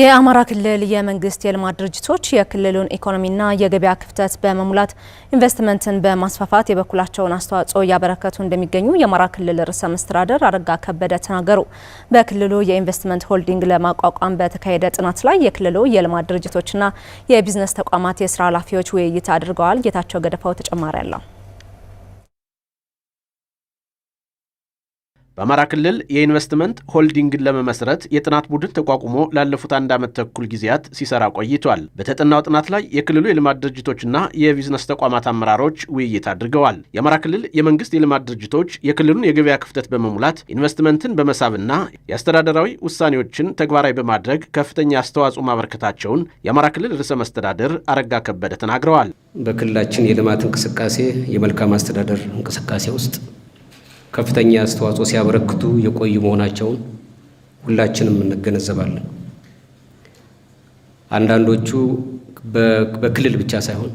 የአማራ ክልል የመንግስት የልማት ድርጅቶች የክልሉን ኢኮኖሚና የገበያ ክፍተት በመሙላት ኢንቨስትመንትን በማስፋፋት የበኩላቸውን አስተዋጽኦ እያበረከቱ እንደሚገኙ የአማራ ክልል ርዕሰ መስተዳደር አረጋ ከበደ ተናገሩ። በክልሉ የኢንቨስትመንት ሆልዲንግ ለማቋቋም በተካሄደ ጥናት ላይ የክልሉ የልማት ድርጅቶችና የቢዝነስ ተቋማት የስራ ኃላፊዎች ውይይት አድርገዋል። ጌታቸው ገደፋው ተጨማሪ አለው። በአማራ ክልል የኢንቨስትመንት ሆልዲንግን ለመመስረት የጥናት ቡድን ተቋቁሞ ላለፉት አንድ ዓመት ተኩል ጊዜያት ሲሰራ ቆይቷል። በተጠናው ጥናት ላይ የክልሉ የልማት ድርጅቶችና የቢዝነስ ተቋማት አመራሮች ውይይት አድርገዋል። የአማራ ክልል የመንግስት የልማት ድርጅቶች የክልሉን የገበያ ክፍተት በመሙላት ኢንቨስትመንትን በመሳብና የአስተዳደራዊ ውሳኔዎችን ተግባራዊ በማድረግ ከፍተኛ አስተዋጽኦ ማበርከታቸውን የአማራ ክልል ርዕሰ መስተዳደር አረጋ ከበደ ተናግረዋል። በክልላችን የልማት እንቅስቃሴ የመልካም አስተዳደር እንቅስቃሴ ውስጥ ከፍተኛ አስተዋጽኦ ሲያበረክቱ የቆዩ መሆናቸውን ሁላችንም እንገነዘባለን። አንዳንዶቹ በክልል ብቻ ሳይሆን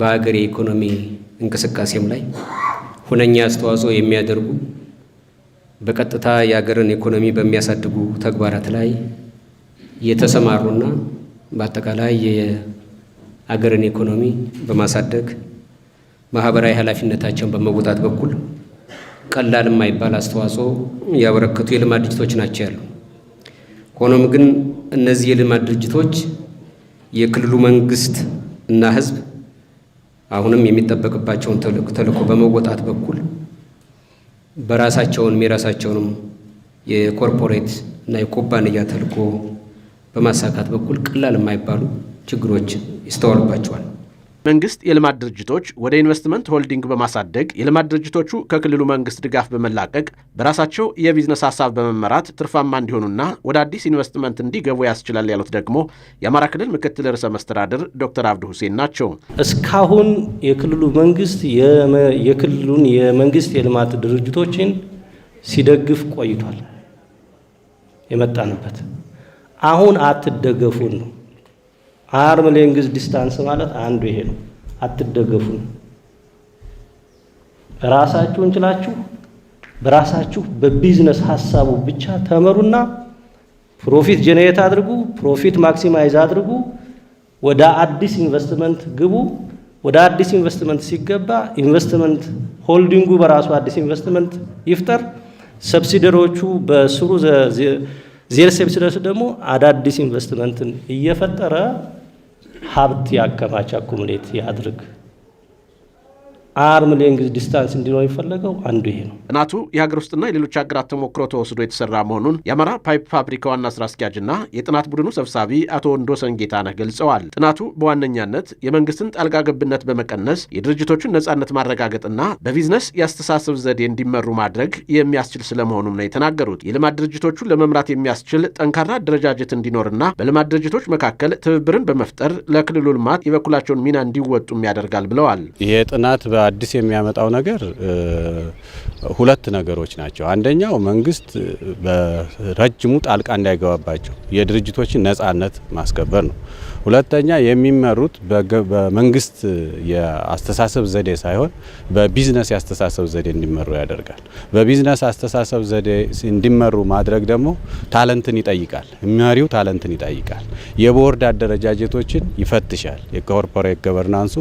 በሀገር የኢኮኖሚ እንቅስቃሴም ላይ ሁነኛ አስተዋጽኦ የሚያደርጉ በቀጥታ የሀገርን ኢኮኖሚ በሚያሳድጉ ተግባራት ላይ የተሰማሩና በአጠቃላይ የሀገርን ኢኮኖሚ በማሳደግ ማህበራዊ ኃላፊነታቸውን በመወጣት በኩል ቀላል የማይባል አስተዋጽኦ ያበረከቱ የልማት ድርጅቶች ናቸው ያሉ። ሆኖም ግን እነዚህ የልማት ድርጅቶች የክልሉ መንግስት እና ህዝብ አሁንም የሚጠበቅባቸውን ተልእኮ በመወጣት በኩል በራሳቸውንም የራሳቸውንም የኮርፖሬት እና የኩባንያ ተልእኮ በማሳካት በኩል ቀላል የማይባሉ ችግሮች ይስተዋሉባቸዋል። መንግስት የልማት ድርጅቶች ወደ ኢንቨስትመንት ሆልዲንግ በማሳደግ የልማት ድርጅቶቹ ከክልሉ መንግስት ድጋፍ በመላቀቅ በራሳቸው የቢዝነስ ሀሳብ በመመራት ትርፋማ እንዲሆኑና ወደ አዲስ ኢንቨስትመንት እንዲገቡ ያስችላል ያሉት ደግሞ የአማራ ክልል ምክትል ርዕሰ መስተዳድር ዶክተር አብዱ ሁሴን ናቸው። እስካሁን የክልሉ መንግስት የክልሉን የመንግስት የልማት ድርጅቶችን ሲደግፍ ቆይቷል። የመጣንበት አሁን አትደገፉን ነው አርም ሌንግዝ ዲስታንስ ማለት አንዱ ይሄ ነው። አትደገፉ፣ ራሳችሁን ችላችሁ በራሳችሁ በቢዝነስ ሀሳቡ ብቻ ተመሩና ፕሮፊት ጄኔሬት አድርጉ፣ ፕሮፊት ማክሲማይዝ አድርጉ፣ ወደ አዲስ ኢንቨስትመንት ግቡ። ወደ አዲስ ኢንቨስትመንት ሲገባ ኢንቨስትመንት ሆልዲንጉ በራሱ አዲስ ኢንቨስትመንት ይፍጠር። ሰብሲደሮቹ በስሩ ዜር ሰብሲደርስ ደግሞ አዳዲስ ኢንቨስትመንትን እየፈጠረ ሀብት ያከማች አኩሙሌት ያድርግ። አርም ሌንግዝ ዲስታንስ እንዲኖር የፈለገው አንዱ ይሄ ነው። ጥናቱ የሀገር ውስጥና የሌሎች ሀገራት ተሞክሮ ተወስዶ የተሰራ መሆኑን የአማራ ፓይፕ ፋብሪካ ዋና ስራ አስኪያጅና የጥናት ቡድኑ ሰብሳቢ አቶ ወንዶሰን ጌታነህ ገልጸዋል። ጥናቱ በዋነኛነት የመንግስትን ጣልቃ ገብነት በመቀነስ የድርጅቶቹን ነጻነት ማረጋገጥና በቢዝነስ የአስተሳሰብ ዘዴ እንዲመሩ ማድረግ የሚያስችል ስለመሆኑም ነው የተናገሩት። የልማት ድርጅቶቹን ለመምራት የሚያስችል ጠንካራ አደረጃጀት እንዲኖርና በልማት ድርጅቶች መካከል ትብብርን በመፍጠር ለክልሉ ልማት የበኩላቸውን ሚና እንዲወጡም ያደርጋል ብለዋል። ይሄ ጥናት አዲስ የሚያመጣው ነገር ሁለት ነገሮች ናቸው። አንደኛው መንግስት በረጅሙ ጣልቃ እንዳይገባባቸው የድርጅቶችን ነጻነት ማስከበር ነው። ሁለተኛ የሚመሩት በመንግስት የአስተሳሰብ ዘዴ ሳይሆን በቢዝነስ የአስተሳሰብ ዘዴ እንዲመሩ ያደርጋል። በቢዝነስ አስተሳሰብ ዘዴ እንዲመሩ ማድረግ ደግሞ ታለንትን ይጠይቃል። መሪው ታለንትን ይጠይቃል። የቦርድ አደረጃጀቶችን ይፈትሻል። የኮርፖሬት ገቨርናንሱ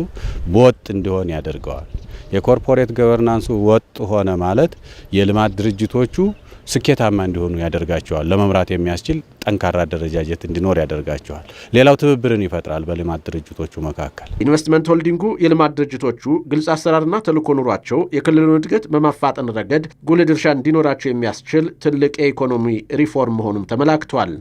ወጥ እንዲሆን ያደርገዋል። የኮርፖሬት ገቨርናንሱ ወጥ ሆነ ማለት የልማት ድርጅቶቹ ስኬታማ እንዲሆኑ ያደርጋቸዋል። ለመምራት የሚያስችል ጠንካራ አደረጃጀት እንዲኖር ያደርጋቸዋል። ሌላው ትብብርን ይፈጥራል በልማት ድርጅቶቹ መካከል። ኢንቨስትመንት ሆልዲንጉ የልማት ድርጅቶቹ ግልጽ አሰራርና ተልዕኮ ኑሯቸው የክልሉን እድገት በማፋጠን ረገድ ጉልህ ድርሻ እንዲኖራቸው የሚያስችል ትልቅ የኢኮኖሚ ሪፎርም መሆኑም ተመላክቷል።